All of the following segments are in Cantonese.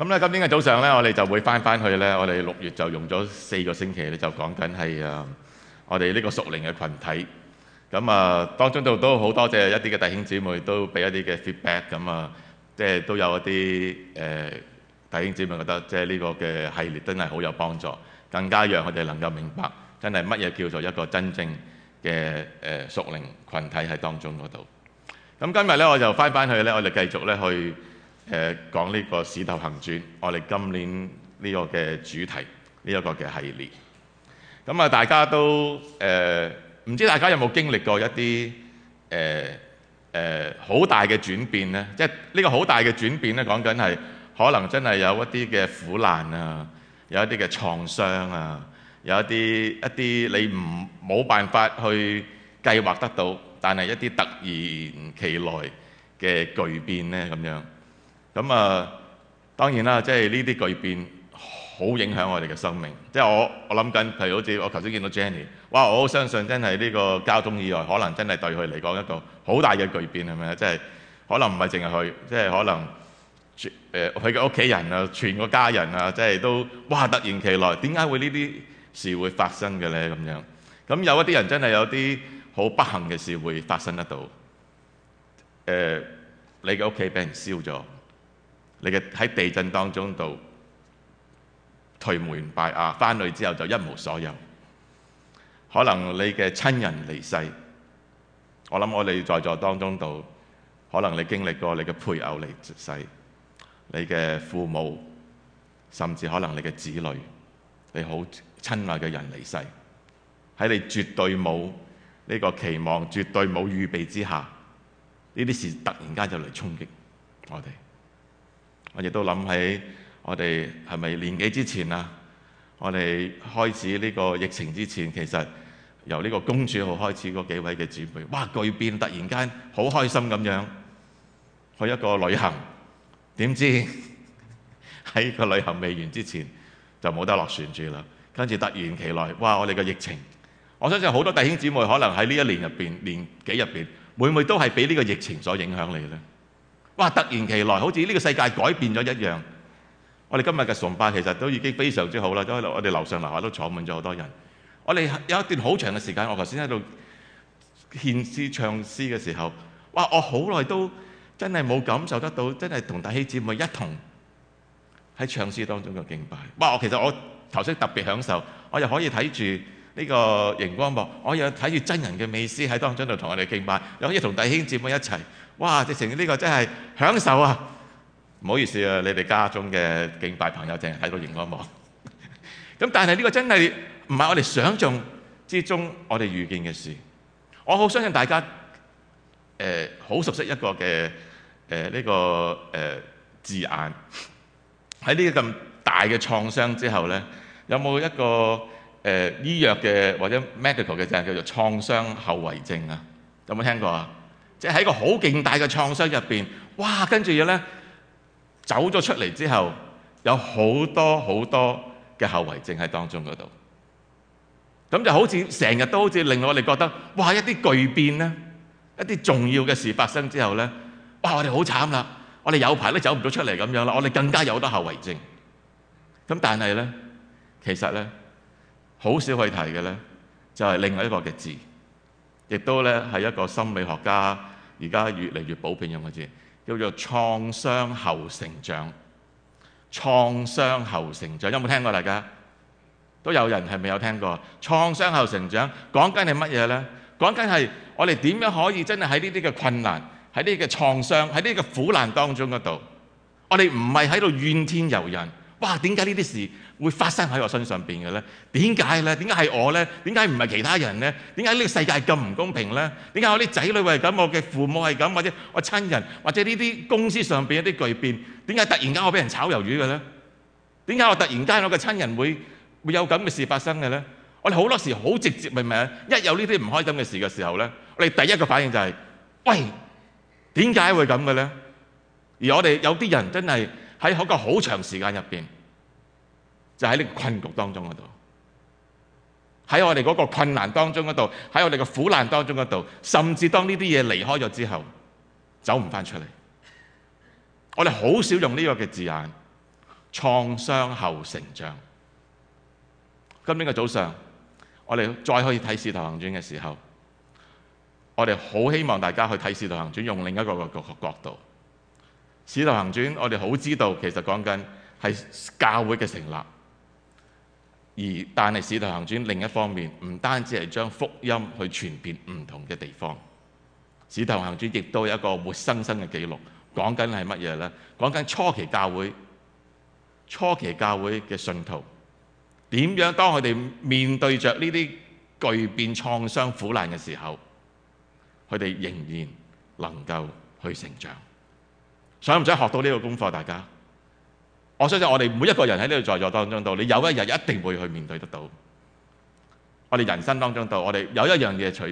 咁咧，今天嘅早上咧，我哋就會翻翻去咧。我哋六月就用咗四個星期咧，就講緊係誒，我哋呢個熟齡嘅群體。咁啊，當中度都好多謝一啲嘅弟兄姊妹都俾一啲嘅 feedback。咁啊，即係都有一啲誒弟兄姊妹覺得，即係呢個嘅系列真係好有幫助，更加讓我哋能夠明白，真係乜嘢叫做一個真正嘅誒熟齡群體喺當中嗰度。咁今日咧，我就翻翻去咧，我哋繼續咧去。誒講呢個《使徒行傳》，我哋今年呢個嘅主題呢一、這個嘅系列咁啊，大家都誒唔、呃、知大家有冇經歷過一啲誒誒好大嘅轉變呢？即係、這個、呢個好大嘅轉變咧，講緊係可能真係有一啲嘅苦難啊，有一啲嘅創傷啊，有一啲一啲你唔冇辦法去計劃得到，但係一啲突然其來嘅巨變呢。咁、嗯、樣。咁啊，當然啦，即係呢啲巨變好影響我哋嘅生命。即係我我諗緊，譬如好似我頭先見到 Jenny，哇！我好相信真係呢個交通意外，可能真係對佢嚟講一個好大嘅巨變係咪咧？即係可能唔係淨係佢，即係可能誒佢嘅屋企人啊，全個家人啊，即係都哇！突然其來點解會呢啲事會發生嘅咧？咁樣咁有一啲人真係有啲好不幸嘅事會發生得到。誒、呃，你嘅屋企俾人燒咗。你嘅喺地震當中度頹垣敗瓦，返去之後就一無所有。可能你嘅親人離世，我諗我哋在座當中度，可能你經歷過你嘅配偶離世，你嘅父母，甚至可能你嘅子女，你好親愛嘅人離世，喺你絕對冇呢個期望、絕對冇預備之下，呢啲事突然間就嚟衝擊我哋。我亦都諗起我哋係咪年幾之前啊？我哋開始呢個疫情之前，其實由呢個公主號開始嗰幾位嘅姊妹，哇！巨變，突然間好開心咁樣去一個旅行，點知喺個旅行未完之前就冇得落船住啦。跟住突然其來，哇！我哋個疫情，我相信好多弟兄姊妹可能喺呢一年入面、年幾入面，每每都係俾呢個疫情所影響你呢？哇！突然其來，好似呢個世界改變咗一樣。我哋今日嘅崇拜其實都已經非常之好啦。都我哋樓上樓下都坐滿咗好多人。我哋有一段好長嘅時間，我頭先喺度獻詩唱詩嘅時候，哇！我好耐都真係冇感受得到，真係同弟兄姊妹一同喺唱詩當中嘅敬拜。哇！我其實我頭先特別享受，我又可以睇住。呢、個熒光幕，我有睇住真人嘅美斯喺當中度同我哋敬拜，又可以同弟兄姊妹一齊，哇！直情呢個真係享受啊！唔好意思啊，你哋家中嘅敬拜朋友淨係睇到熒光幕，咁 但係呢個真係唔係我哋想象之中我哋遇見嘅事。我好相信大家，誒、呃、好熟悉一個嘅誒呢個誒字、呃、眼。喺呢個咁大嘅創傷之後咧，有冇一個？誒、呃、醫藥嘅或者 medical 嘅就係叫做創傷後遺症啊，有冇聽過啊？即係喺個好勁大嘅創傷入面，哇！跟住咧走咗出嚟之後，有好多好多嘅後遺症喺當中嗰度。咁就好似成日都好似令我哋覺得，哇！一啲巨變咧，一啲重要嘅事發生之後咧，哇！我哋好慘啦，我哋有排都走唔到出嚟咁樣啦，我哋更加有好多後遺症。咁但係咧，其實咧～好少去提嘅呢就係另外一個嘅字，亦都呢係一個心理學家而家越嚟越普遍用嘅字，叫做創傷後成長。創傷後成長有冇聽過大家？都有人係未有聽過創傷後成長？講緊係乜嘢呢？講緊係我哋點樣可以真係喺呢啲嘅困難、喺呢啲嘅創傷、喺呢個苦難當中嗰度，我哋唔係喺度怨天尤人。哇！點解呢啲事？會發生喺我身上邊嘅咧？點解咧？點解係我咧？點解唔係其他人咧？點解呢個世界咁唔公平咧？點解我啲仔女會係咁，我嘅父母係咁，或者我親人，或者呢啲公司上邊一啲巨變？點解突然間我俾人炒魷魚嘅咧？點解我突然間我嘅親人會會有咁嘅事發生嘅咧？我哋好多時好直接，明明？一有呢啲唔開心嘅事嘅時候咧，我哋第一個反應就係、是：喂，點解會咁嘅咧？而我哋有啲人真係喺嗰個好長時間入邊。就喺呢個困局當中嗰度，喺我哋嗰個困難當中嗰度，喺我哋嘅苦難當中嗰度，甚至當呢啲嘢離開咗之後，走唔返出嚟。我哋好少用呢個嘅字眼，創傷後成長。今天嘅早上，我哋再可以睇《使徒行傳》嘅時候，我哋好希望大家去睇《使徒行傳》，用另一個個個角度。《使徒行傳》，我哋好知道其實講緊係教會嘅成立。而但係《使徒行傳》，另一方面唔單止係將福音去傳遍唔同嘅地方，《使徒行傳》亦都有一個活生生嘅記錄，講緊係乜嘢咧？講緊初期教會、初期教會嘅信徒點樣當佢哋面對着呢啲巨變創傷苦難嘅時候，佢哋仍然能夠去成長，想唔想學到呢個功課，大家？我相信我哋每一個人喺呢度在座當中度，你有一日一定會去面對得到。我哋人生當中度，我哋有一樣嘢除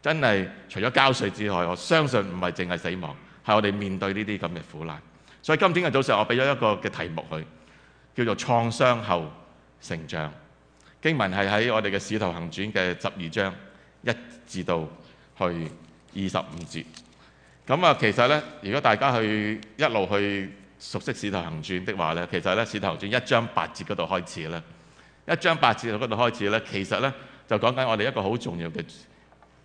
真係除咗交稅之外，我相信唔係淨係死亡，係我哋面對呢啲咁嘅苦難。所以今天嘅早上，我俾咗一個嘅題目去，叫做創傷後成長。經文係喺我哋嘅《使徒行傳》嘅十二章一至到去二十五節。咁啊，其實咧，如果大家去一路去，熟悉《使徒行傳》的話咧，其實咧《使徒行傳》一章八節嗰度開始咧，一章八節嗰度開始呢，其實呢就講緊我哋一個好重要嘅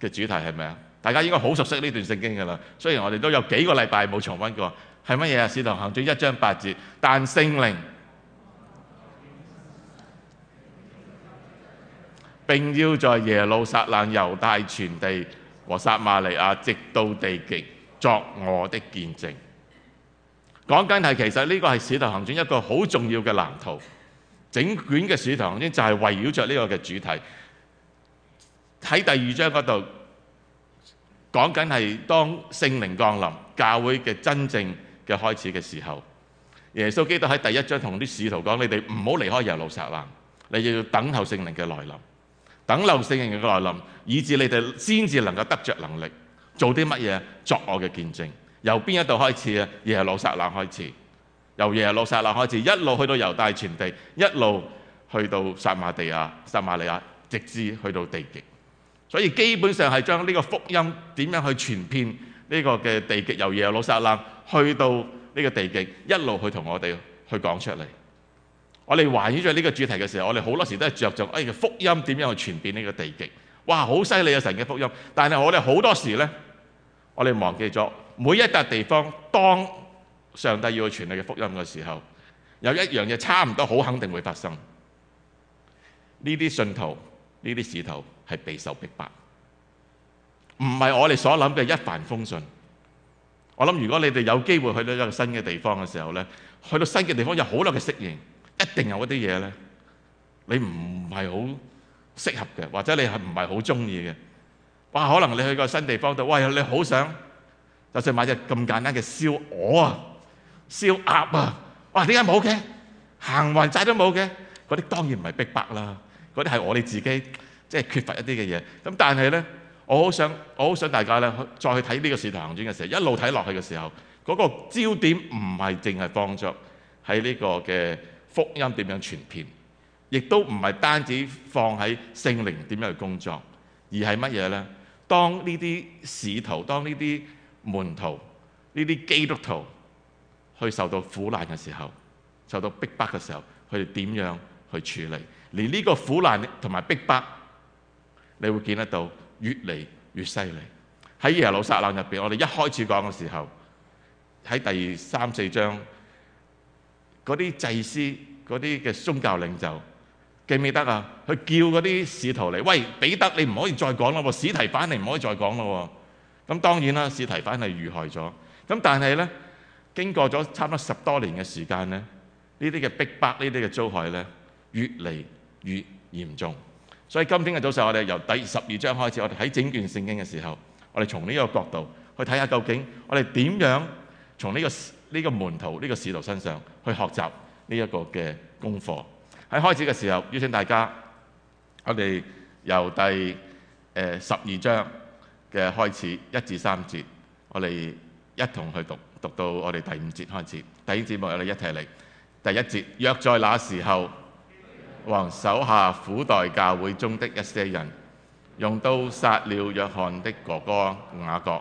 嘅主題係咪啊？大家應該好熟悉呢段聖經㗎啦。雖然我哋都有幾個禮拜冇重溫過，係乜嘢啊？《使徒行傳》一章八節，但聖靈並要在耶路撒冷、猶太全地和撒瑪利亞，直到地極，作我的見證。講緊係其實呢個係《使徒行傳》一個好重要嘅藍圖，整卷嘅《使徒行傳》就係圍繞着呢個嘅主題。喺第二章嗰度講緊係當聖靈降臨，教會嘅真正嘅開始嘅時候，耶穌基督喺第一章同啲使徒講：你哋唔好離開耶路撒冷，你要等候聖靈嘅來臨。等候聖靈嘅來臨，以至你哋先至能夠得着能力，做啲乜嘢作我嘅見證。由邊一度開始啊？耶路撒冷開始，由耶路撒冷開始，一路去到猶大全地，一路去到撒馬地亞，撒馬利亞直至去到地極。所以基本上係將呢個福音點樣去傳遍呢個嘅地極，由耶路撒冷去到呢個地極，一路去同我哋去講出嚟。我哋環繞住呢個主題嘅時候，我哋好多時都係着重哎，福音點樣去傳遍呢個地極？哇，好犀利啊！神嘅福音。但係我哋好多時呢，我哋忘記咗。每一笪地方，當上帝要去傳嚟嘅福音嘅時候，有一樣嘢差唔多好肯定會發生。呢啲信徒，呢啲使徒係備受逼迫，唔係我哋所諗嘅一帆風順。我諗如果你哋有機會去到一個新嘅地方嘅時候呢，去到新嘅地方有好多嘅適應，一定有一啲嘢呢，你唔係好適合嘅，或者你係唔係好中意嘅。哇！可能你去個新地方度，哇！你好想～就算買隻咁簡單嘅燒鵝啊、燒鴨啊，哇、啊！點解冇嘅行運仔都冇嘅嗰啲？當然唔係逼迫啦，嗰啲係我哋自己即係、就是、缺乏一啲嘅嘢。咁但係呢，我好想我好想大家呢，再去睇呢個使徒行傳嘅時候，一路睇落去嘅時候，嗰、那個焦點唔係淨係放著喺呢個嘅福音點樣傳遍，亦都唔係單止放喺聖靈點樣去工作，而係乜嘢呢？當呢啲使徒，當呢啲。門徒呢啲基督徒去受到苦難嘅時候，受到逼迫嘅時候，佢哋點樣去處理？而呢個苦難同埋逼迫，你會見得到越嚟越犀利。喺耶路撒冷入邊，我哋一開始講嘅時候，喺第三四章嗰啲祭司、嗰啲嘅宗教領袖記唔記得啊？佢叫嗰啲使徒嚟，喂，彼得，你唔可以再講啦喎，史提反你唔可以再講啦喎。咁當然啦，司提反係遇害咗。咁但係呢，經過咗差唔多十多年嘅時間呢，呢啲嘅逼迫，呢啲嘅遭害呢，越嚟越嚴重。所以今天嘅早上，我哋由第十二章開始，我哋喺整卷聖經嘅時候，我哋從呢一個角度去睇下究竟我哋點樣從呢、這個呢、這個門徒呢、這個使徒身上去學習呢一個嘅功課。喺開始嘅時候，邀請大家，我哋由第、呃、十二章。嘅開始一至三節，我哋一同去讀，讀到我哋第五節開始。第一節目我哋一齊嚟，第一節，約在那時候，王手下苦待教會中的一些人，用刀殺了約翰的哥哥雅各。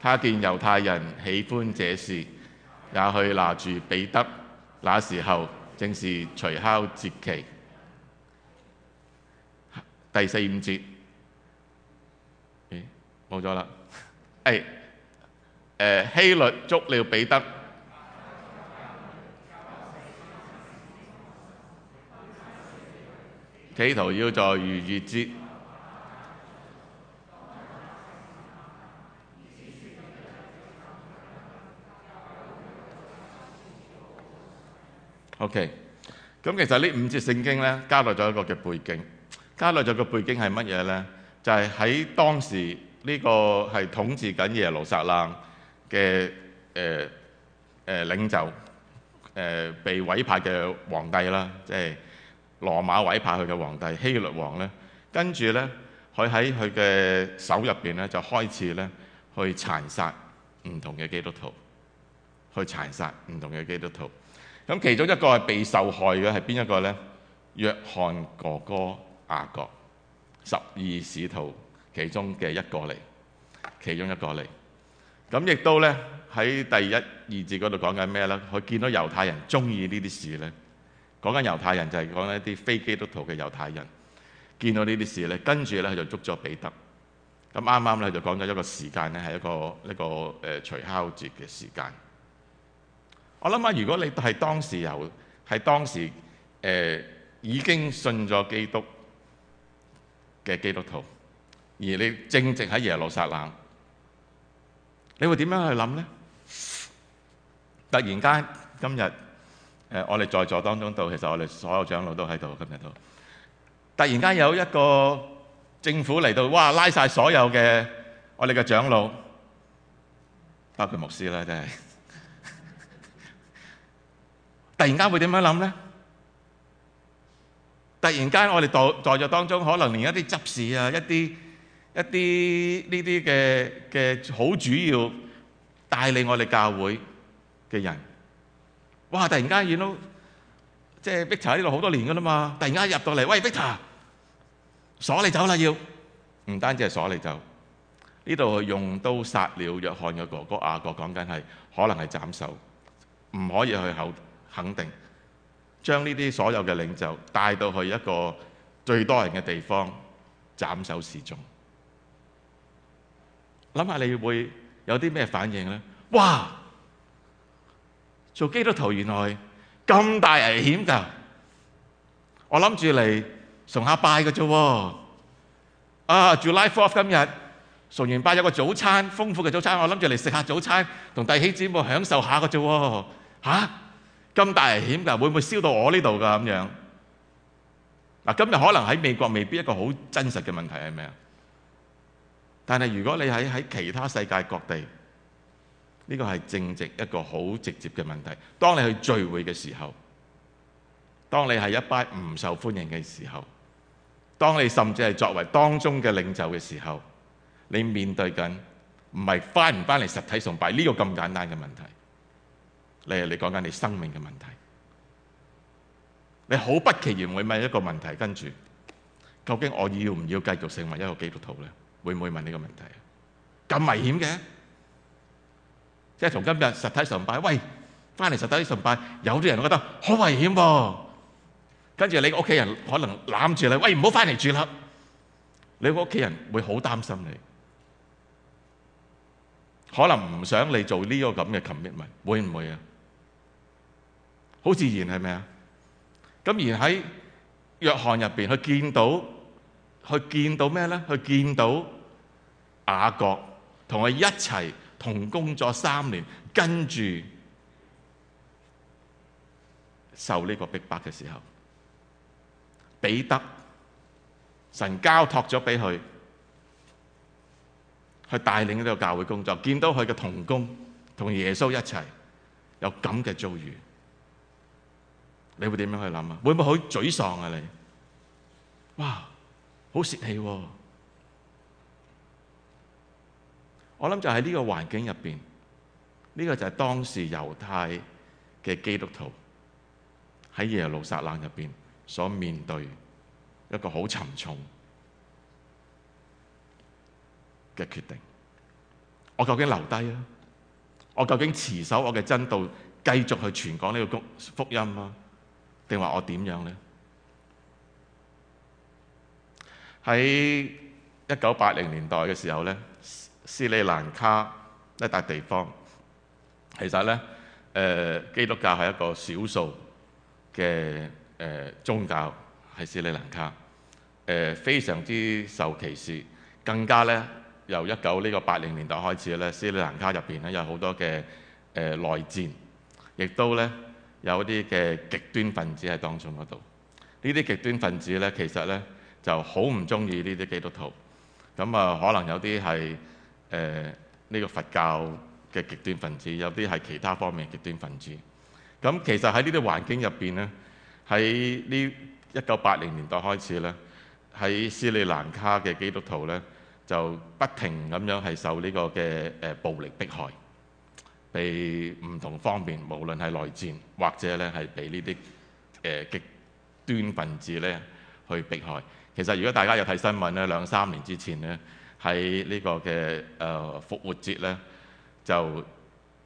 他見猶太人喜歡這事，也去拿住彼得。那時候正是除酵節期，第四五節。好咗啦。誒，誒希律捉了彼得，企圖要在逾越節。O K。咁其實呢五節聖經咧，加落咗一個嘅背景，加落咗個背景係乜嘢咧？就係喺當時。呢、這個係統治緊耶路撒冷嘅誒誒領袖，誒、呃、被委派嘅皇帝啦，即係羅馬委派佢嘅皇帝希律王咧。跟住咧，佢喺佢嘅手入邊咧，就開始咧去殘殺唔同嘅基督徒，去殘殺唔同嘅基督徒。咁其中一個係被受害嘅係邊一個咧？約翰哥哥雅各，十二使徒。其中嘅一個嚟，其中一個嚟，咁亦都咧喺第一二節嗰度講緊咩咧？佢見到猶太人中意呢啲事咧，講緊猶太人就係講緊一啲非基督徒嘅猶太人，見到呢啲事咧，跟住咧佢就捉咗彼得。咁啱啱咧就講咗一個時間咧，係一個呢個誒除酵節嘅時間。我諗下，如果你係當時由，係當時誒、呃、已經信咗基督嘅基督徒。而你正值喺耶路撒冷，你會點樣去諗咧？突然間今日，誒我哋在座當中度，其實我哋所有長老都喺度，今日度突然間有一個政府嚟到，哇！拉曬所有嘅我哋嘅長老，包括牧師啦，真係。突然間會點樣諗咧？突然間我哋在在座當中，可能連一啲執事啊，一啲～一啲呢啲嘅嘅好主要帶領我哋教會嘅人，哇！突然間而都即係彼得喺呢度好多年噶啦嘛，突然間入到嚟，喂，彼得鎖你走啦！要唔單止係鎖你走，呢度去用刀殺了約翰嘅哥哥雅各，講緊係可能係斬首，唔可以去肯肯定將呢啲所有嘅領袖帶到去一個最多人嘅地方斬首示眾。諗下你會有啲咩反應呢？哇！做基督徒原來咁大危險㗎！我諗住嚟崇下拜嘅啫喎。啊，July 4今日崇完拜有個早餐，豐富嘅早餐。我諗住嚟食下早餐，同弟兄姊妹享受下嘅啫喎。嚇！咁大危險㗎，會唔會燒到我呢度㗎咁樣？嗱，今日可能喺美國未必一個好真實嘅問題係咪啊？但係如果你喺喺其他世界各地，呢個係正直一個好直接嘅問題。當你去聚會嘅時候，當你係一班唔受歡迎嘅時候，當你甚至係作為當中嘅領袖嘅時候，你面對緊唔係返唔返嚟實體崇拜呢個咁簡單嘅問題。你係你講緊你生命嘅問題。你好不期然會問一個問題，跟住究竟我要唔要繼續成為一個基督徒呢？會唔會問呢個問題啊？咁危險嘅，即係從今日實體崇拜，喂，翻嚟實體崇拜，有啲人都覺得好危險噃。跟住你屋企人可能攬住你，喂，唔好翻嚟住啦。你屋企人會好擔心你，可能唔想你做呢個咁嘅 commitment，會唔會啊？好自然係咪啊？咁而喺約翰入邊，去見到，去見到咩咧？去見到。雅各同佢一齊同工咗三年，跟住受呢個逼迫嘅時候，彼得神交託咗俾佢去帶領呢個教會工作，見到佢嘅同工同耶穌一齊有咁嘅遭遇，你會點樣去諗啊？會唔會好沮喪啊？你哇，好洩氣喎！我諗就喺呢個環境入邊，呢、這個就係當時猶太嘅基督徒喺耶路撒冷入邊所面對一個好沉重嘅決定。我究竟留低啊？我究竟持守我嘅真道，繼續去傳講呢個福音啊？定話我點樣呢？喺一九八零年代嘅時候呢。斯里蘭卡一笪地方，其實呢，誒、呃，基督教係一個少數嘅宗教喺斯里蘭卡、呃、非常之受歧視。更加呢，由一九呢個八零年代開始呢，斯里蘭卡入邊呢有好多嘅誒內戰，亦都呢有一啲嘅極端分子喺當中嗰度。呢啲極端分子呢，其實呢就好唔中意呢啲基督徒。咁啊，可能有啲係。誒、這、呢個佛教嘅極端分子，有啲係其他方面極端分子。咁其實喺呢啲環境入邊呢，喺呢一九八零年代開始呢，喺斯里蘭卡嘅基督徒呢，就不停咁樣係受呢個嘅誒暴力迫害，被唔同方面，無論係內戰或者呢係俾呢啲誒極端分子呢去迫害。其實如果大家有睇新聞呢，兩三年之前呢。喺呢個嘅誒復活節咧，就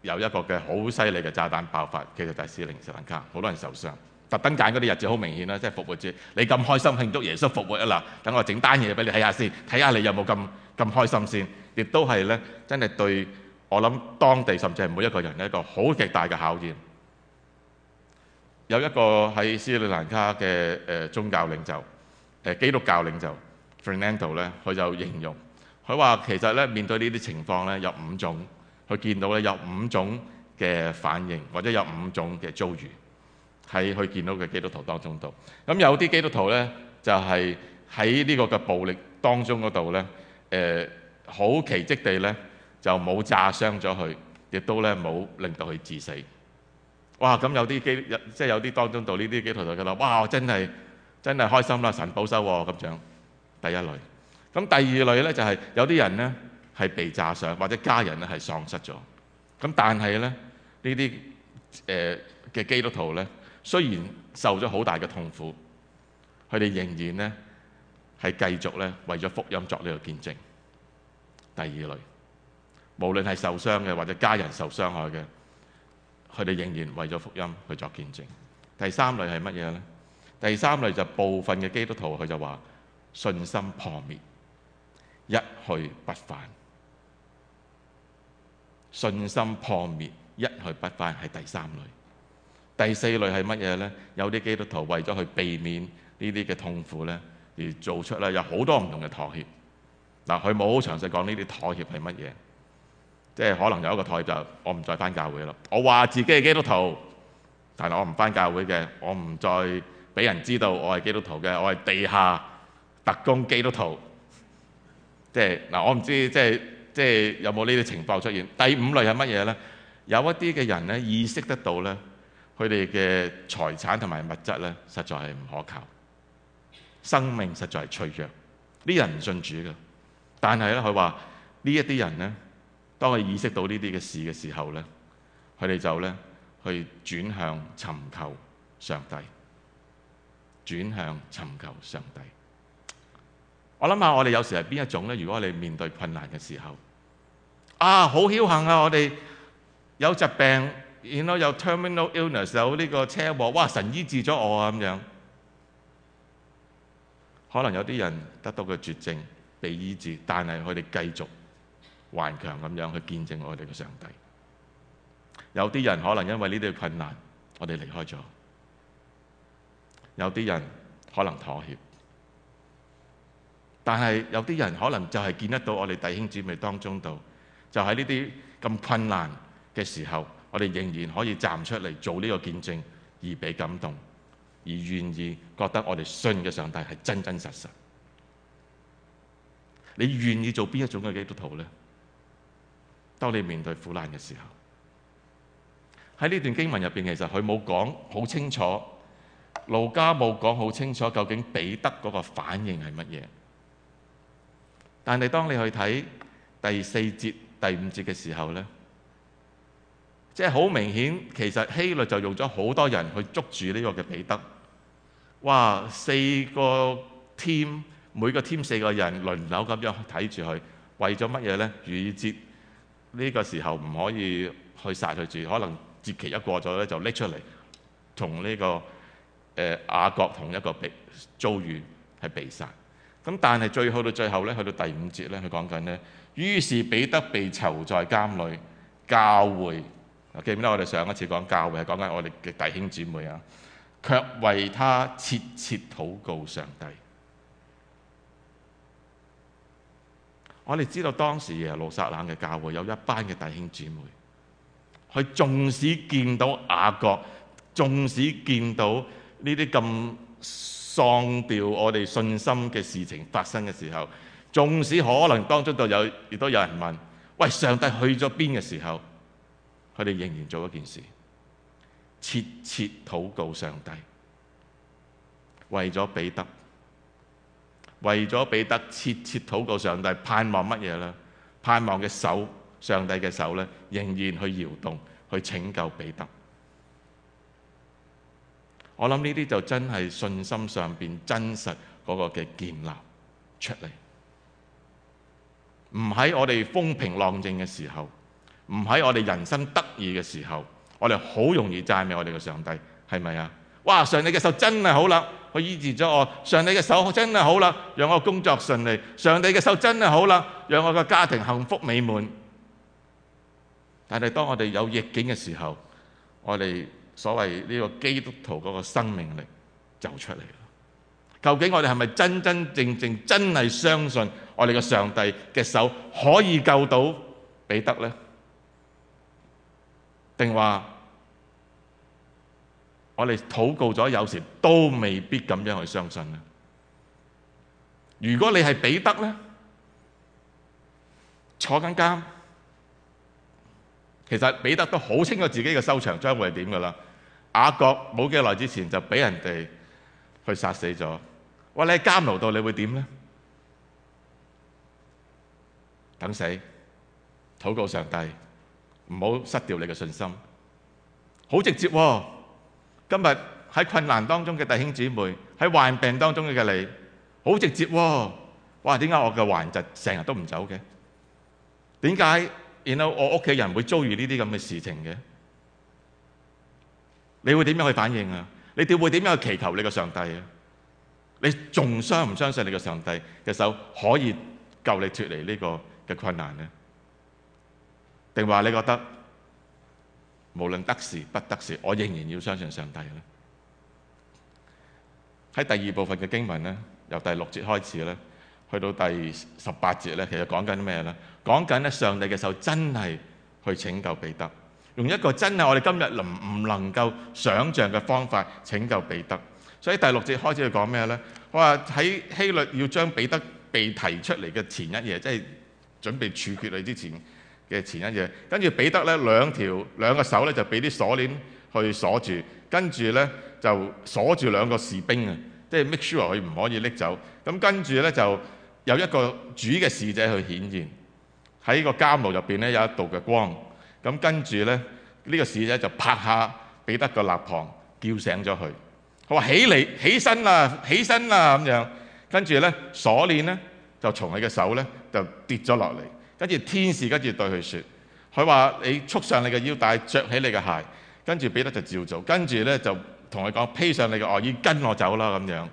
有一個嘅好犀利嘅炸彈爆發，其實就係斯里蘭卡，好多人受傷。特登揀嗰啲日子好明顯啦，即係復活節。你咁開心慶祝耶穌復活啦，嗱，等我整單嘢俾你睇下先，睇下你有冇咁咁開心先。亦都係咧，真係對我諗當地甚至係每一個人一個好極大嘅考驗。有一個喺斯里蘭卡嘅誒宗教領袖，誒基督教領袖 Fernando 咧，佢就形容。佢話其實咧面對呢啲情況咧有五種，佢見到咧有五種嘅反應，或者有五種嘅遭遇，喺佢見到嘅基督徒當中度。咁有啲基督徒咧就係喺呢個嘅暴力當中嗰度咧，誒、呃、好奇蹟地咧就冇炸傷咗佢，亦都咧冇令到佢致死。哇！咁有啲基即係有啲當中度呢啲基督徒就覺得哇真係真係開心啦，神保守喎、啊、咁樣。第一類。咁第二類咧就係有啲人咧係被炸傷，或者家人咧係喪失咗。咁但係咧呢啲誒嘅基督徒咧，雖然受咗好大嘅痛苦，佢哋仍然咧係繼續咧為咗福音作呢個見證。第二類，無論係受傷嘅或者家人受傷害嘅，佢哋仍然為咗福音去作見證。第三類係乜嘢咧？第三類就部分嘅基督徒佢就話信心破滅。一去不返，信心破滅，一去不返係第三類。第四類係乜嘢呢？有啲基督徒為咗去避免呢啲嘅痛苦呢，而做出咧有好多唔同嘅妥協。嗱，佢冇好詳細講呢啲妥協係乜嘢，即係可能有一個妥協就我唔再翻教會咯。我話自己係基督徒，但係我唔翻教會嘅，我唔再俾人知道我係基督徒嘅，我係地下特工基督徒。即係嗱，我唔知即係即係有冇呢啲情況出現。第五類係乜嘢咧？有一啲嘅人咧意識得到咧，佢哋嘅財產同埋物質咧，實在係唔可靠。生命實在係脆弱。呢人唔信主嘅，但係咧佢話呢一啲人咧，當佢意識到呢啲嘅事嘅時候咧，佢哋就咧去轉向尋求上帝，轉向尋求上帝。我諗下，我哋有時係邊一種呢？如果我哋面對困難嘅時候，啊，好僥幸啊！我哋有疾病，然後 you know, 有 terminal illness，有呢個車禍，哇，神醫治咗我啊，咁樣。可能有啲人得到個絕症被醫治，但係佢哋繼續頑強咁樣去見證我哋嘅上帝。有啲人可能因為呢啲困難，我哋離開咗。有啲人可能妥協。但係有啲人可能就係見得到我哋弟兄姊妹當中度，就喺呢啲咁困難嘅時候，我哋仍然可以站出嚟做呢個見證，而被感動，而願意覺得我哋信嘅上帝係真真實實。你願意做邊一種嘅基督徒呢？當你面對苦難嘅時候，喺呢段經文入邊，其實佢冇講好清楚，路加冇講好清楚，究竟彼得嗰個反應係乜嘢？但係，當你去睇第四節、第五節嘅時候呢，即係好明顯，其實希律就用咗好多人去捉住呢個嘅彼得。哇，四個 team，每個 team 四個人輪流咁樣睇住佢，為咗乜嘢呢？逾節呢個時候唔可以去殺佢住，可能節期一過咗呢、這個，就拎出嚟，同呢個誒雅各同一個避避被遭遇係被殺。咁但係最好到最後咧，去到第五節咧，佢講緊呢：「於是彼得被囚在監裏。」教會啊，記唔記得我哋上一次講教會係講緊我哋嘅弟兄姊妹啊，卻為他切切禱告上帝。我哋知道當時耶路撒冷嘅教會有一班嘅弟兄姊妹，佢縱使見到雅各，縱使見到呢啲咁。撞掉我哋信心嘅事情發生嘅時候，縱使可能當中都有亦都有人問：「喂，上帝去咗邊嘅時候？佢哋仍然做一件事，切切禱告上帝，為咗彼得，為咗彼得切切禱告上帝，盼望乜嘢呢？盼望嘅手，上帝嘅手咧，仍然去搖動，去拯救彼得。我諗呢啲就真係信心上邊真實嗰個嘅建立出嚟。唔喺我哋風平浪靜嘅時候，唔喺我哋人生得意嘅時候，我哋好容易贊美我哋嘅上帝，係咪啊？哇！上帝嘅手真係好啦，佢醫治咗我。上帝嘅手真係好啦，讓我工作順利。上帝嘅手真係好啦，讓我嘅家庭幸福美滿。但係當我哋有逆境嘅時候，我哋。所謂呢個基督徒嗰個生命力走出嚟了，究竟我哋係咪真真正正真係相信我哋嘅上帝嘅手可以救到彼得呢？定話我哋禱告咗有時都未必咁樣去相信呢？如果你係彼得呢，坐緊監，其實彼得都好清楚自己嘅收場將會係點噶啦。打國冇幾耐之前就俾人哋去殺死咗。喂，你喺監牢度你會點呢？等死？禱告上帝，唔好失掉你嘅信心。好直接啊。今日喺困難當中嘅弟兄姊妹，喺患病當中嘅你，好直接啊。哇！點解我嘅患疾成日都唔走嘅？點解？然後，you know，我屋企人會遭遇呢啲咁嘅事情嘅？你會點樣去反應啊？你會點樣去祈求你個上帝啊？你仲相唔相信你個上帝嘅手可以救你脫離呢個困難呢？定話你覺得無論得時不得時，我仍然要相信上帝咧？喺第二部分嘅經文呢，由第六節開始呢，去到第十八節呢，其實講緊啲咩呢？講緊上帝嘅手真係去拯救彼得。用一個真係我哋今日能唔能夠想像嘅方法拯救彼得。所以第六節開始要講咩呢？我話喺希律要將彼得被提出嚟嘅前一夜，即係準備處決佢之前嘅前一夜。跟住彼得咧，兩條兩個手呢，就俾啲鎖鏈去鎖住，跟住呢，就鎖住兩個士兵啊，即係 make sure 佢唔可以拎走。咁跟住呢，就有一個主嘅使者去顯現喺個監牢入邊呢，面有一道嘅光。咁跟住呢，呢個使者就拍下彼得個肋旁，叫醒咗佢。佢話：起嚟，起身啦，起身啦咁樣。跟住呢，鎖鏈呢，就從佢嘅手呢，就跌咗落嚟。跟住天使跟住對佢説：佢話你束上你嘅腰帶，着起你嘅鞋。跟住彼得就照做。跟住呢，就同佢講：披上你嘅外衣，跟我走啦咁樣。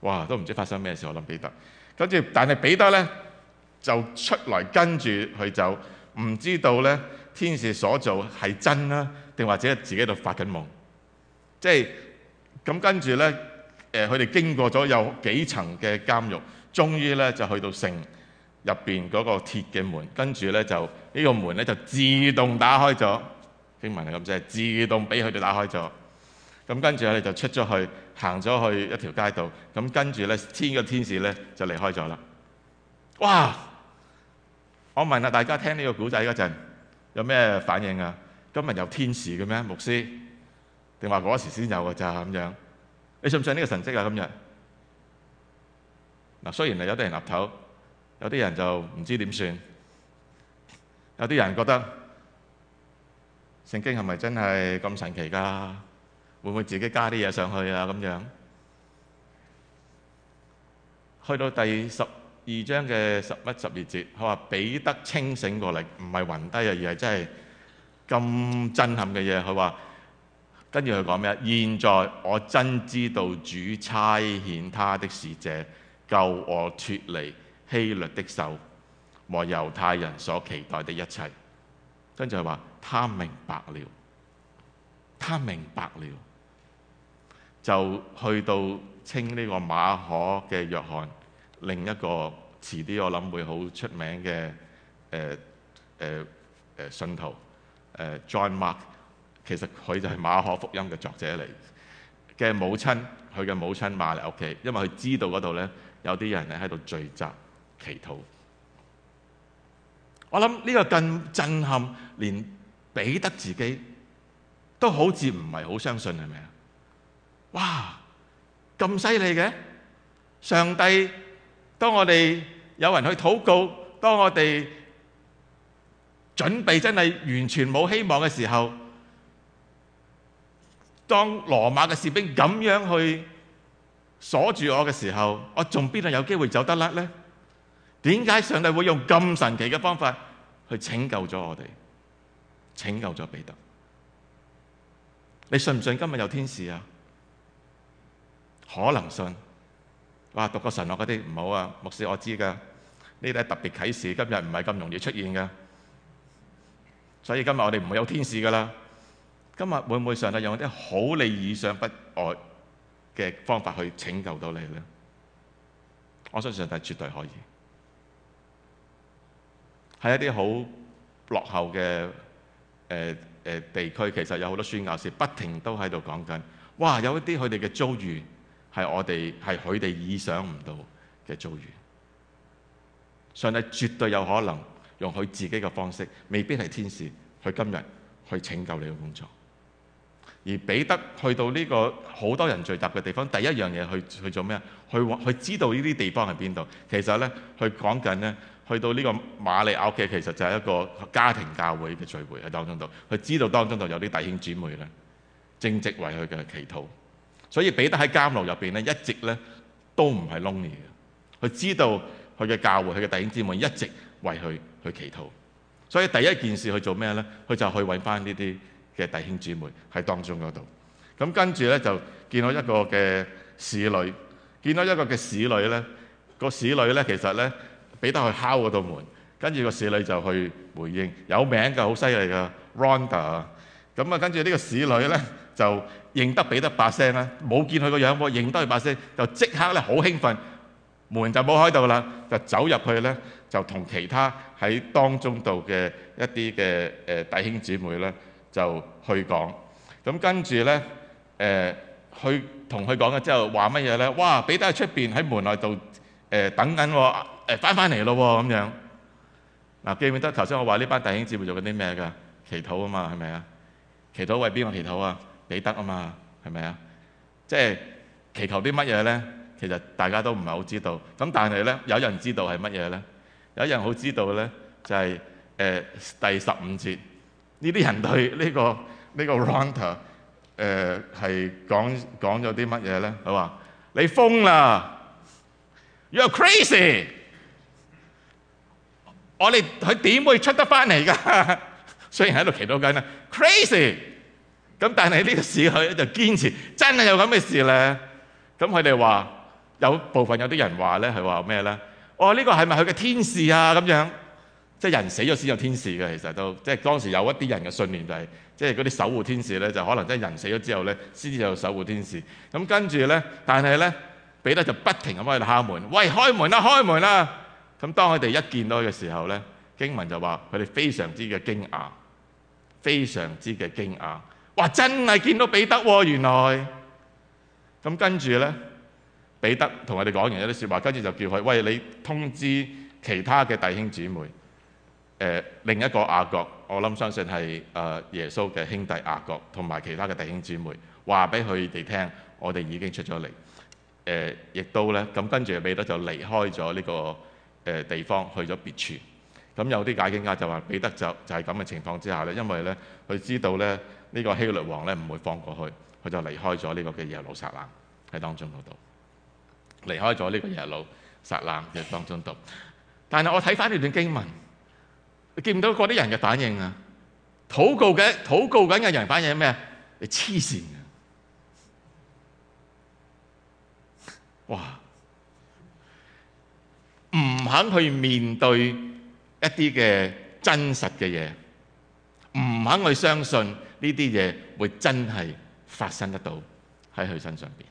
哇！都唔知發生咩事，我諗彼得。跟住，但係彼得呢，就出來跟住佢走，唔知道呢。天使所做係真啦，定或者自己喺度發緊夢？即係咁，跟住呢，誒佢哋經過咗有幾層嘅監獄，終於呢就去到城入邊嗰個鐵嘅門，跟住呢，就呢、呢個門呢就自動打開咗。經文係咁寫，自動俾佢哋打開咗。咁跟住咧就出咗去，行咗去一條街道。咁跟住呢，天個天使呢就離開咗啦。哇！我問下大家聽呢個古仔嗰陣。有咩反應啊？今日有天使嘅咩牧師？定話嗰時先有嘅咋咁樣？你信唔信呢個神跡啊？今日嗱，雖然係有啲人岌頭，有啲人就唔知點算，有啲人覺得聖經係咪真係咁神奇㗎？會唔會自己加啲嘢上去啊？咁樣去到第十。二章嘅十一十二節，佢話彼得清醒過嚟，唔係暈低啊，而係真係咁震撼嘅嘢。佢話跟住佢講咩啊？現在我真知道主差遣他的使者救我脱離希律的手和猶太人所期待的一切。跟住佢話，他明白了，他明白了，就去到清呢個馬可嘅約翰，另一個遲啲我諗會好出名嘅誒誒誒信徒、呃、John Mark 其實佢就係馬可福音嘅作者嚟嘅母親，佢嘅母親馬嚟屋企，因為佢知道嗰度咧有啲人咧喺度聚集祈禱。我諗呢個更震撼，連彼得自己都好似唔係好相信，係咪啊？哇！咁犀利嘅上帝～當我哋有人去禱告，當我哋準備真係完全冇希望嘅時候，當羅馬嘅士兵咁樣去鎖住我嘅時候，我仲邊度有機會走得甩呢？點解上帝會用咁神奇嘅方法去拯救咗我哋？拯救咗彼得，你信唔信今日有天使啊？可能信。哇！讀過神學嗰啲唔好啊，牧師我知噶，呢啲係特別啓示，今日唔係咁容易出現噶。所以今日我哋唔會有天使噶啦。今日會唔會上帝用一啲好你以上不外嘅方法去拯救到你咧？我相信上帝絕對可以。喺一啲好落後嘅誒誒地區，其實有好多宣教士不停都喺度講緊，哇！有一啲佢哋嘅遭遇。係我哋，係佢哋意想唔到嘅遭遇。上帝絕對有可能用佢自己嘅方式，未必係天使去今日去拯救你嘅工作。而彼得去到呢個好多人聚集嘅地方，第一樣嘢去去做咩啊？去去知道呢啲地方係邊度？其實呢，去講緊呢，去到呢個馬利亞屋企，其實就係一個家庭教會嘅聚會喺當中度。佢知道當中度有啲弟兄姊妹咧，正值為佢嘅祈禱。所以彼得喺監牢入邊咧，一直咧都唔係 lonely 嘅。佢知道佢嘅教會、佢嘅弟兄姊妹一直為佢去祈禱。所以第一件事佢做咩咧？佢就去揾翻呢啲嘅弟兄姊妹喺當中嗰度。咁跟住咧就見到一個嘅使女，見到一個嘅使女咧，那個使女咧其實咧彼得去敲嗰道門，跟住個使女就去回應，有名㗎，好犀利㗎，Ronda。咁啊，跟住呢個使女咧，就認得彼得把聲啦，冇見佢個樣喎，認得佢把聲就即刻咧好興奮，門就冇開到啦，就走入去咧，就同其他喺當中度嘅一啲嘅誒弟兄姊妹咧就去講。咁、呃、跟住咧誒去同佢講嘅之後話乜嘢咧？哇！彼得喺出邊喺門外度誒等緊喎，誒翻返嚟咯喎咁樣。嗱、啊，記唔記得頭先我話呢班弟兄姊妹做緊啲咩㗎？祈禱啊嘛，係咪啊？祈禱為邊個祈禱啊？彼得啊嘛，係咪啊？即、就、係、是、祈求啲乜嘢咧？其實大家都唔係好知道。咁但係咧，有人知道係乜嘢咧？有人好知道咧、就是，就係誒第十五節。呢啲人對呢個呢個 Rantor 係講咗啲乜嘢咧？佢話：你瘋啦！You're crazy！我哋佢點會出得翻嚟㗎？ 雖然喺度祈禱緊啊，crazy！咁，但係呢個時佢就堅持真係有咁嘅事咧。咁佢哋話有部分有啲人話咧係話咩咧？哦，呢個係咪佢嘅天使啊？咁樣即係人死咗先有天使嘅，其實都即係當時有一啲人嘅信念就係、是、即係嗰啲守護天使咧，就可能即係人死咗之後咧先至有守護天使。咁跟住咧，但係咧彼得就不停咁喺度敲門，喂開門啦、啊、開門啦、啊！咁當佢哋一見到佢嘅時候咧，經文就話佢哋非常之嘅驚訝，非常之嘅驚訝。哇！真係見到彼得喎、啊，原來咁跟住呢，彼得同佢哋講完一啲説話，跟住就叫佢，喂，你通知其他嘅弟兄姊妹，呃、另一個雅各，我諗相信係誒耶穌嘅兄弟雅各同埋其他嘅弟兄姊妹話俾佢哋聽，我哋已經出咗嚟誒，亦、呃、都呢，咁跟住彼得就離開咗呢個誒地方，去咗別處。咁有啲解經家就話彼得就就係咁嘅情況之下呢，因為呢，佢知道呢。呢個希律王咧唔會放過去，佢就離開咗呢個嘅耶路撒冷喺當中嗰度，離開咗呢個耶路撒冷嘅當中度。但係我睇翻呢段經文，你見唔到嗰啲人嘅反應啊？禱告嘅禱告緊嘅人反應係咩？你黐線啊！哇，唔肯去面對一啲嘅真實嘅嘢，唔肯去相信。呢啲嘢會真係發生得到喺佢身上邊？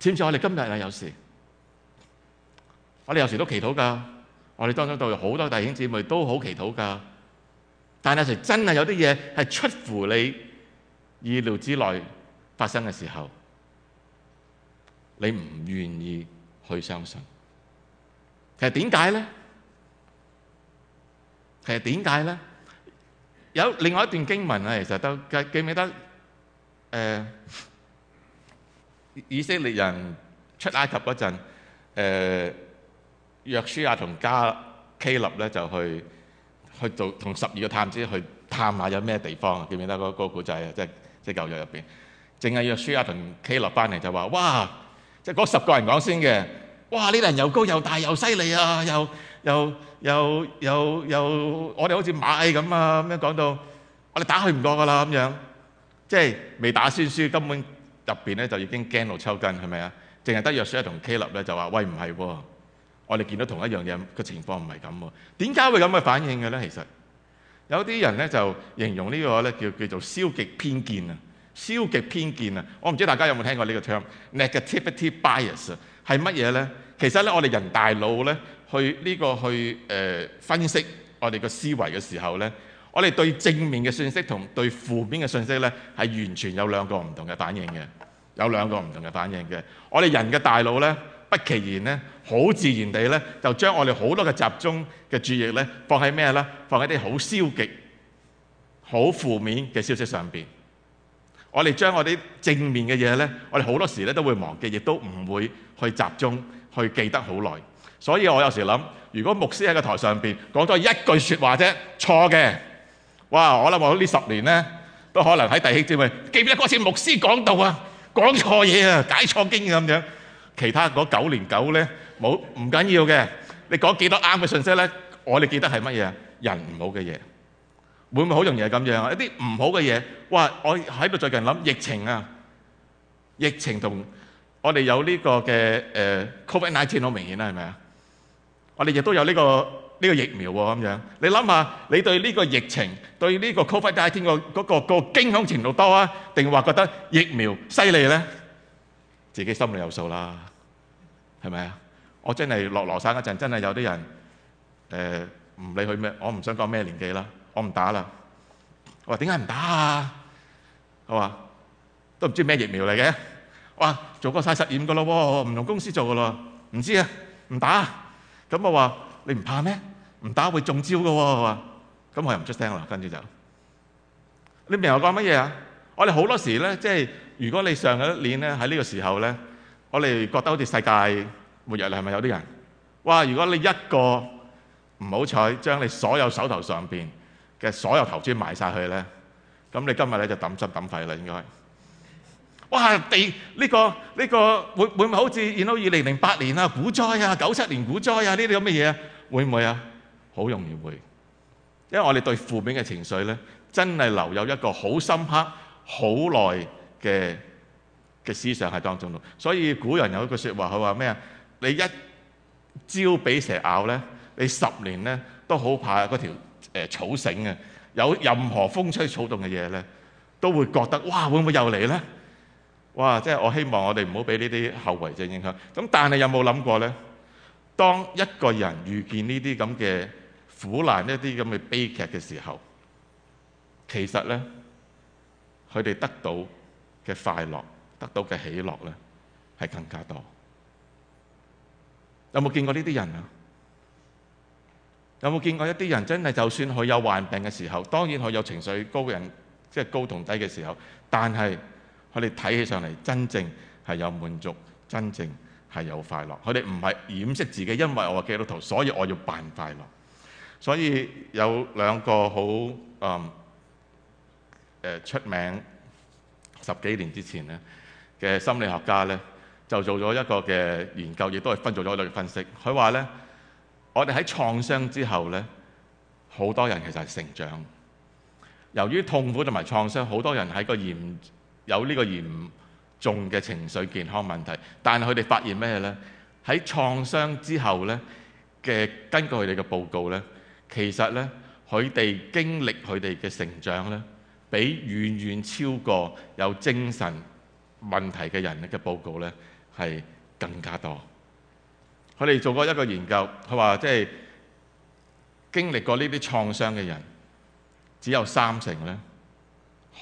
似唔似我哋今日啊？有時我哋有時都祈禱㗎，我哋當中都有好多弟兄姊妹都好祈禱㗎，但係有時真係有啲嘢係出乎你意料之內發生嘅時候，你唔願意去相信。其實點解咧？其實點解咧？有另外一段經文啊，其實都記記唔記得？誒、呃，以色列人出埃及嗰陣，誒、呃、約書亞同加基立咧就去去做同十二個探子去探下有咩地方啊？記唔記得嗰個古仔啊？即即舊約入邊，淨係約書亞同基立翻嚟就話：哇！即係嗰十個人講先嘅。哇！呢啲人又高又大又犀利啊，又又又又又我哋好似螞蟻咁啊，咁樣講到我哋打佢唔過噶啦咁樣，即係未打先輸，根本入邊咧就已經驚到抽筋係咪啊？淨係得約書亞同迦勒咧就話喂，唔係喎，我哋見到同一樣嘢個情況唔係咁喎，點解會咁嘅反應嘅咧？其實有啲人咧就形容呢個咧叫叫做消極偏見啊，消極偏見啊，我唔知大家有冇聽過呢個 term negativity bias 係乜嘢咧？其實咧，我哋人大腦咧，去呢個去誒分析我哋個思維嘅時候咧，我哋對正面嘅信息同對負面嘅信息咧，係完全有兩個唔同嘅反應嘅，有兩個唔同嘅反應嘅。我哋人嘅大腦咧，不其然咧，好自然地咧，就將我哋好多嘅集中嘅注意力咧，放喺咩咧？放喺啲好消極、好負面嘅消息上邊。我哋將我啲正面嘅嘢咧，我哋好多時咧都會忘記，亦都唔會去集中。去記得好耐，所以我有時諗，如果牧師喺個台上邊講咗一句説話啫，錯嘅，哇！我諗我呢十年呢，都可能喺弟兄姊妹記唔記得嗰次牧師講道啊，講錯嘢啊，解錯經咁樣，其他嗰九年九呢冇唔緊要嘅，你講幾多啱嘅信息呢，我哋記得係乜嘢？人唔好嘅嘢，會唔會好容易係咁樣啊？一啲唔好嘅嘢，哇！我喺度最近諗疫情啊，疫情同。我哋有呢個嘅誒，COVID-Nineteen 好明顯啦，係咪啊？我哋亦都有呢個呢個疫苗喎，咁樣你諗下，你對呢個疫情，對呢個 COVID-Nineteen 個嗰個個驚恐程度多啊，定話覺得疫苗犀利咧？自己心裏有數啦，係咪啊？我真係落羅山嗰陣，真係有啲人誒唔理佢咩，我唔想講咩年紀啦，我唔打啦。我話點解唔打啊？我話都唔知咩疫苗嚟嘅。做過晒實驗噶咯，唔用公司做噶咯，唔知啊，唔打。咁我話你唔怕咩？唔打會中招噶喎。咁我又唔出聲啦。跟住就你明我講乜嘢啊？我哋好多時呢，即係如果你上一年呢，喺呢個時候呢，我哋覺得好似世界末日啦，係咪有啲人？哇！如果你一個唔好彩，將你所有手頭上邊嘅所有投資賣晒佢呢，咁你今日呢就抌心抌肺啦，應該。哇！地呢，這個呢，這個會會唔會好似遇到二零零八年啊股災啊九七年股災啊呢啲咁嘅嘢啊，會唔會啊？好容易會，因為我哋對負面嘅情緒呢，真係留有一個好深刻、好耐嘅嘅思想喺當中度。所以古人有一句說話，佢話咩啊？你一朝俾蛇咬呢，你十年呢都好怕嗰條，呃、草繩啊！有任何風吹草動嘅嘢呢，都會覺得哇，會唔會又嚟呢？」哇！即係我希望我哋唔好俾呢啲後遺症影響。咁但係有冇諗過呢？當一個人遇見呢啲咁嘅苦難、一啲咁嘅悲劇嘅時候，其實呢，佢哋得到嘅快樂、得到嘅喜樂呢，係更加多。有冇見過呢啲人啊？有冇見過一啲人真係就算佢有患病嘅時候，當然佢有情緒高嘅人，即係高同低嘅時候，但係佢哋睇起上嚟真正係有滿足，真正係有快樂。佢哋唔係掩飾自己，因為我係基督徒，所以我要扮快樂。所以有兩個好誒、嗯呃、出名十幾年之前咧嘅心理學家咧，就做咗一個嘅研究，亦都係分做咗一個分析。佢話咧，我哋喺創傷之後咧，好多人其實係成長。由於痛苦同埋創傷，好多人喺個嚴有呢個嚴重嘅情緒健康問題，但係佢哋發現咩呢？喺創傷之後呢，嘅，根據佢哋嘅報告呢，其實呢，佢哋經歷佢哋嘅成長呢，比遠遠超過有精神問題嘅人嘅報告呢係更加多。佢哋做過一個研究，佢話即係經歷過呢啲創傷嘅人，只有三成呢。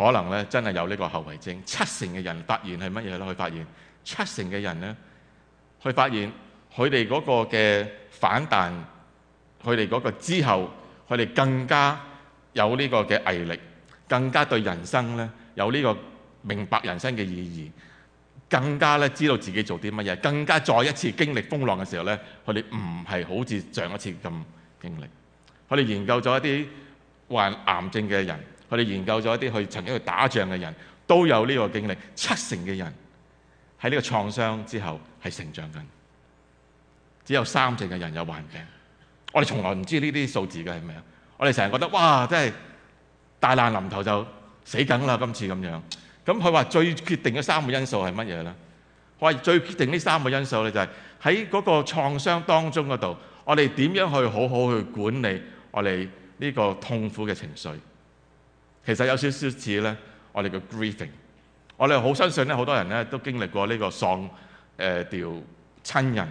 可能咧真係有呢個後遺症，七成嘅人發現係乜嘢咧？佢發現七成嘅人咧，佢發現佢哋嗰個嘅反彈，佢哋嗰個之後，佢哋更加有呢個嘅毅力，更加對人生咧有呢個明白人生嘅意義，更加咧知道自己做啲乜嘢，更加再一次經歷風浪嘅時候咧，佢哋唔係好似上一次咁經歷，佢哋研究咗一啲患癌症嘅人。佢哋研究咗一啲去曾經去打仗嘅人，都有呢個經歷。七成嘅人喺呢個創傷之後係成長緊，只有三成嘅人有患病。我哋從來唔知呢啲數字嘅係咩，我哋成日覺得哇，真係大難臨頭就死緊啦！今次咁樣咁，佢話最決定嘅三個因素係乜嘢呢？佢話最決定呢三個因素呢，就係喺嗰個創傷當中嗰度，我哋點樣去好好去管理我哋呢個痛苦嘅情緒。其實有少少似咧，我哋嘅 grieving，我哋好相信咧，好多人咧都經歷過呢個喪誒掉親人、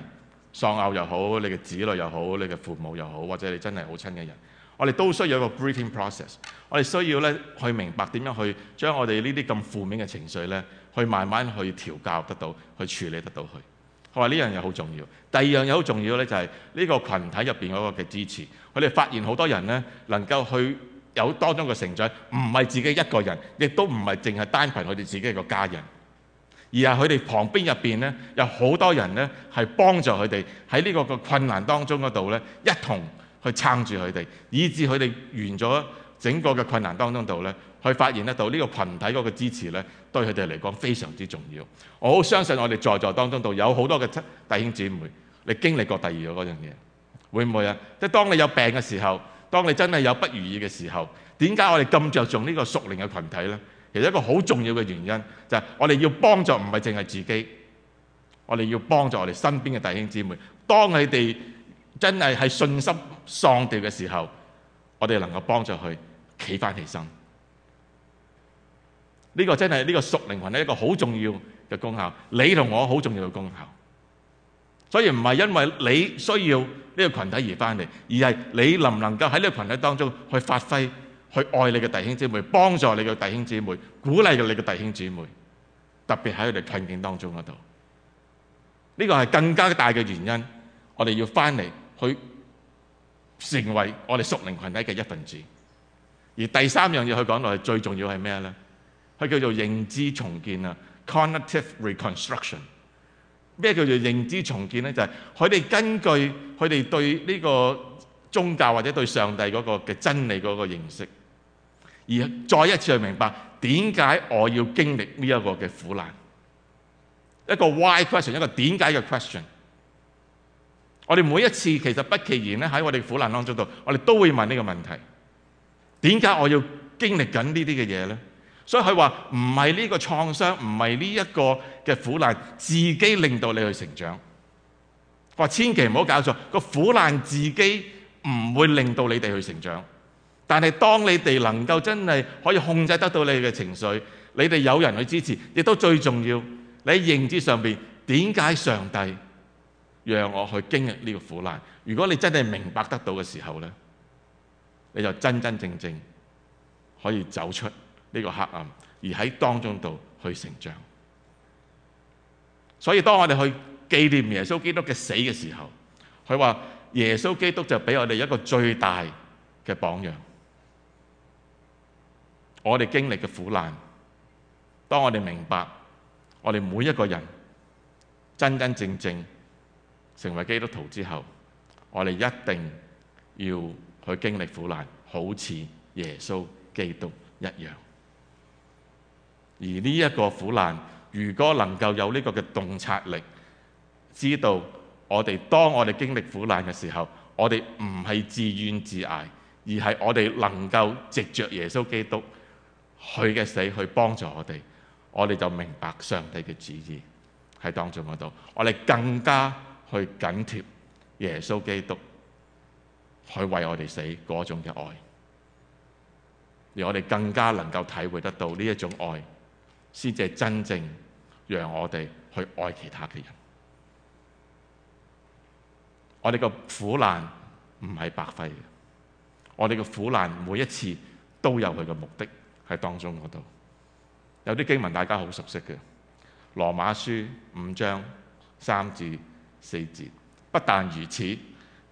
喪偶又好，你嘅子女又好，你嘅父母又好，或者你真係好親嘅人，我哋都需要一個 grieving process，我哋需要咧去明白點樣去將我哋呢啲咁負面嘅情緒咧，去慢慢去調教得到，去處理得到佢。佢話呢樣嘢好重要，第二樣嘢好重要咧，就係呢個群體入邊嗰個嘅支持。我哋發現好多人咧能夠去。有當中嘅成長，唔係自己一個人，亦都唔係淨係單憑佢哋自己一個家人，而係佢哋旁邊入邊呢，有好多人呢係幫助佢哋喺呢個嘅困難當中嗰度呢，一同去撐住佢哋，以至佢哋完咗整個嘅困難當中度呢，去發現得到呢個群體嗰個支持呢對佢哋嚟講非常之重要。我好相信我哋在座當中度有好多嘅弟兄姊妹，你經歷過第二個嗰樣嘢，會唔會啊？即係當你有病嘅時候。當你真係有不如意嘅時候，點解我哋咁着重呢個屬靈嘅羣體呢？其實一個好重要嘅原因就係我哋要幫助，唔係淨係自己，我哋要幫助我哋身邊嘅弟兄姊妹。當佢哋真係係信心喪掉嘅時候，我哋能夠幫助佢企翻起身。呢個真係呢個屬靈羣係一個好重要嘅功效，你同我好重要嘅功效。所以唔係因為你需要呢個羣體而翻嚟，而係你能唔能夠喺呢個羣體當中去發揮，去愛你嘅弟兄姊妹，幫助你嘅弟兄姊妹，鼓勵你嘅弟兄姊妹，特別喺佢哋困境當中嗰度。呢個係更加大嘅原因，我哋要翻嚟去成為我哋屬靈羣體嘅一份子。而第三樣嘢去講落嚟，最重要係咩咧？佢叫做認知重建啊，cognitive reconstruction。咩叫做認知重建呢？就係佢哋根據佢哋對呢個宗教或者對上帝嗰個嘅真理嗰個認識，而再一次去明白點解我要經歷呢一個嘅苦難。一個 why question，一個點解嘅 question。我哋每一次其實不其然咧喺我哋苦難當中度，我哋都會問呢個問題：點解我要經歷緊呢啲嘅嘢呢？所以佢話唔係呢個創傷，唔係呢一個嘅苦難，自己令到你去成長。佢話千祈唔好搞錯，個苦難自己唔會令到你哋去成長。但係當你哋能夠真係可以控制得到你嘅情緒，你哋有人去支持，亦都最重要。你喺認知上邊點解上帝讓我去經歷呢個苦難？如果你真係明白得到嘅時候呢，你就真真正正可以走出呢個黑暗，而喺當中度去成長。所以當我哋去紀念耶穌基督嘅死嘅時候，佢話耶穌基督就俾我哋一個最大嘅榜樣。我哋經歷嘅苦難，當我哋明白我哋每一個人真真正正成為基督徒之後，我哋一定要去經歷苦難，好似耶穌基督一樣。而呢一個苦難，如果能夠有呢個嘅洞察力，知道我哋當我哋經歷苦難嘅時候，我哋唔係自怨自艾，而係我哋能夠藉着耶穌基督佢嘅死去幫助我哋，我哋就明白上帝嘅旨意喺當中嗰度，我哋更加去緊貼耶穌基督去為我哋死嗰種嘅愛，而我哋更加能夠體會得到呢一種愛。先至真正讓我哋去愛其他嘅人。我哋嘅苦難唔係白費嘅，我哋嘅苦難每一次都有佢嘅目的喺當中嗰度。有啲經文大家好熟悉嘅，《羅馬書》五章三至四節。不但如此，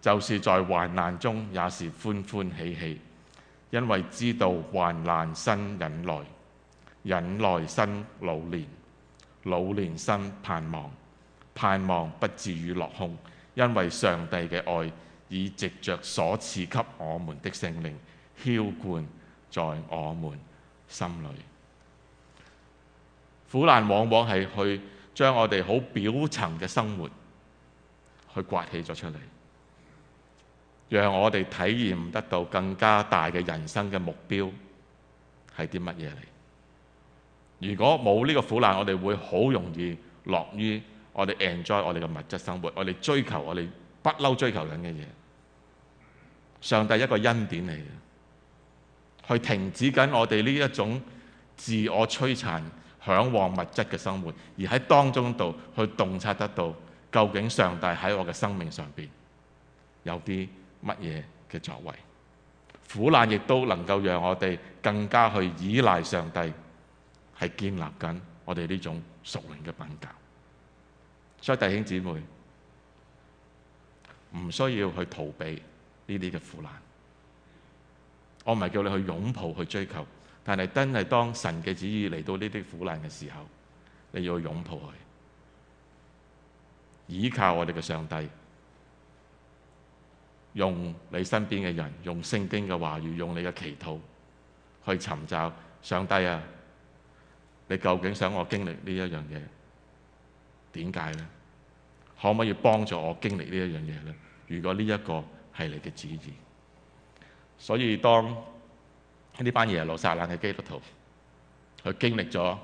就是在患難中也是歡歡喜喜，因為知道患難生忍耐。忍耐生老練，老練生盼望，盼望不至於落空，因為上帝嘅愛已藉著所賜給我們的聖靈澆灌在我們心裏。苦難往往係去將我哋好表層嘅生活去刮起咗出嚟，讓我哋體驗得到更加大嘅人生嘅目標係啲乜嘢嚟？是如果冇呢個苦難，我哋會好容易樂於我哋 enjoy 我哋嘅物質生活，我哋追求我哋不嬲追求緊嘅嘢。上帝一個恩典嚟嘅，去停止緊我哋呢一種自我摧殘、嚮往物質嘅生活，而喺當中度去洞察得到究竟上帝喺我嘅生命上邊有啲乜嘢嘅作為。苦難亦都能夠讓我哋更加去依賴上帝。係建立緊我哋呢種熟練嘅品格，所以弟兄姊妹唔需要去逃避呢啲嘅苦難。我唔係叫你去擁抱去追求，但係真係當神嘅旨意嚟到呢啲苦難嘅時候，你要擁抱佢，依靠我哋嘅上帝，用你身邊嘅人，用聖經嘅話語，用你嘅祈禱去尋找上帝啊！你究竟想我經歷呢一樣嘢？點解咧？可唔可以幫助我經歷呢一樣嘢咧？如果呢一個係你嘅旨意，所以當呢班耶路撒冷嘅基督徒佢經歷咗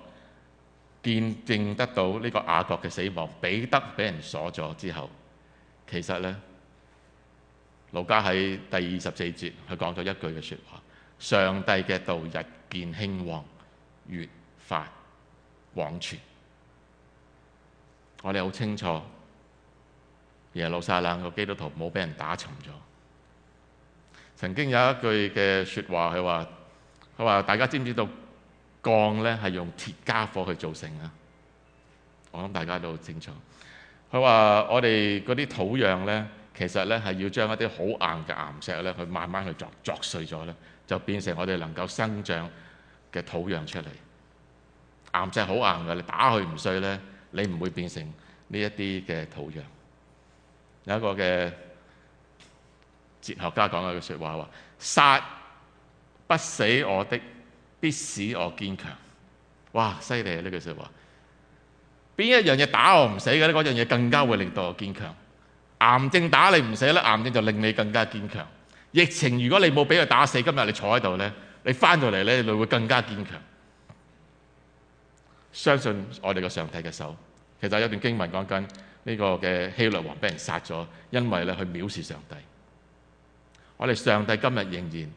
見證得到呢個雅各嘅死亡，彼得俾人鎖咗之後，其實咧，路加喺第二十四節佢講咗一句嘅説話：上帝嘅道日見興旺，月發往傳，我哋好清楚。耶路撒冷個基督徒冇俾人打沉咗。曾經有一句嘅説話，佢話：佢話大家知唔知道鋼咧係用鐵加火去造成啊？我諗大家都好清楚。佢話我哋嗰啲土壤咧，其實咧係要將一啲好硬嘅岩石咧，去慢慢去作作碎咗咧，就變成我哋能夠生長嘅土壤出嚟。岩石好硬嘅，你打佢唔碎呢，你唔會變成呢一啲嘅土壤。有一個嘅哲學家講嘅一句説話話：殺不死我的，必使我堅強。哇，犀利啊！呢句説話，邊一樣嘢打我唔死嘅呢？嗰樣嘢更加會令到我堅強。癌症打你唔死呢，癌症就令你更加堅強。疫情如果你冇俾佢打死，今日你坐喺度呢，你翻到嚟呢，你會更加堅強。相信我哋嘅上帝嘅手，其實有一段經文講緊呢個嘅希律王俾人殺咗，因為咧去藐視上帝。我哋上帝今日仍然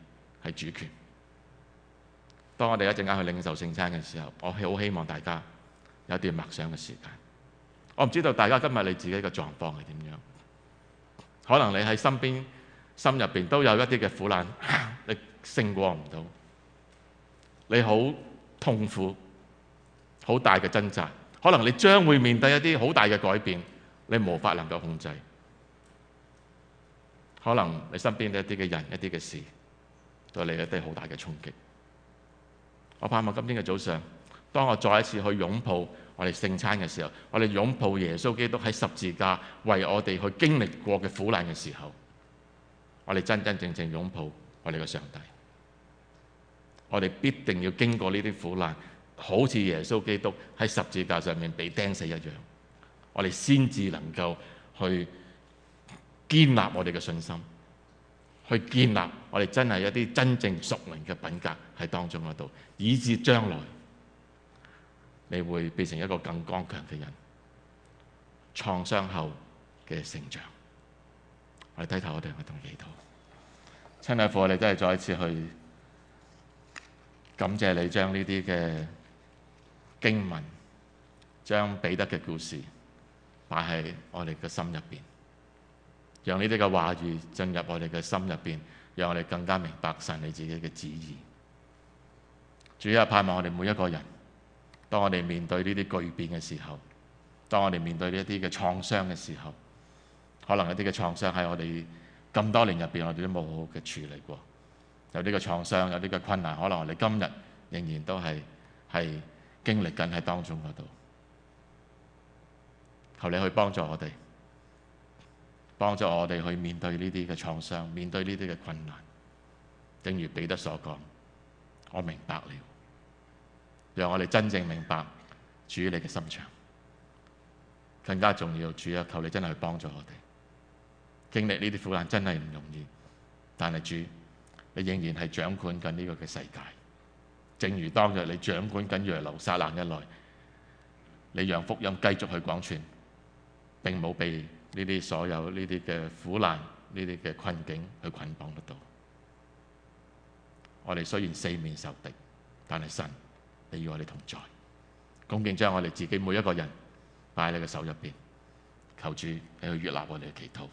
係主權。當我哋一陣間去領受聖餐嘅時候，我係好希望大家有一段默想嘅時間。我唔知道大家今日你自己嘅狀況係點樣，可能你喺身邊、心入邊都有一啲嘅苦難，你勝過唔到，你好痛苦。好大嘅掙扎，可能你將會面對一啲好大嘅改變，你無法能夠控制。可能你身邊一啲嘅人、一啲嘅事，對你一啲好大嘅衝擊。我盼望今天嘅早上，當我再一次去擁抱我哋聖餐嘅時候，我哋擁抱耶穌基督喺十字架為我哋去經歷過嘅苦難嘅時候，我哋真真正正擁抱我哋嘅上帝。我哋必定要經過呢啲苦難。好似耶穌基督喺十字架上面被釘死一樣，我哋先至能夠去建立我哋嘅信心，去建立我哋真係一啲真正屬靈嘅品格喺當中嗰度，以致將來你會變成一個更剛強嘅人。創傷後嘅成長，我哋低頭，我哋一同祈禱，親愛父，我哋都係再一次去感謝你將呢啲嘅。經文將彼得嘅故事擺喺我哋嘅心入邊，讓呢啲嘅話語進入我哋嘅心入邊，讓我哋更加明白神你自己嘅旨意。主要係盼望我哋每一個人，當我哋面對呢啲巨變嘅時候，當我哋面對呢一啲嘅創傷嘅時候，可能一啲嘅創傷喺我哋咁多年入邊，我哋都冇好好嘅處理過。有呢個創傷，有呢個困難，可能我哋今日仍然都係係。經歷緊喺當中嗰度，求你去幫助我哋，幫助我哋去面對呢啲嘅創傷，面對呢啲嘅困難。正如彼得所講，我明白了，讓我哋真正明白主你嘅心腸更加重要。主啊，求你真係去幫助我哋，經歷呢啲苦難真係唔容易，但係主你仍然係掌管緊呢個嘅世界。正如當日你掌管緊耶路撒冷一內，你讓福音繼續去廣傳，並冇被呢啲所有呢啲嘅苦難、呢啲嘅困境去捆綁得到。我哋雖然四面受敵，但係神，你與我哋同在。恭敬將我哋自己每一個人擺喺你嘅手入邊，求主你去悅納我哋嘅祈禱，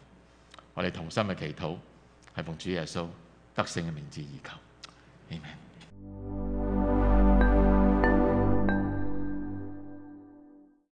我哋同心嘅祈禱係奉主耶穌得勝嘅名字而求。Amen.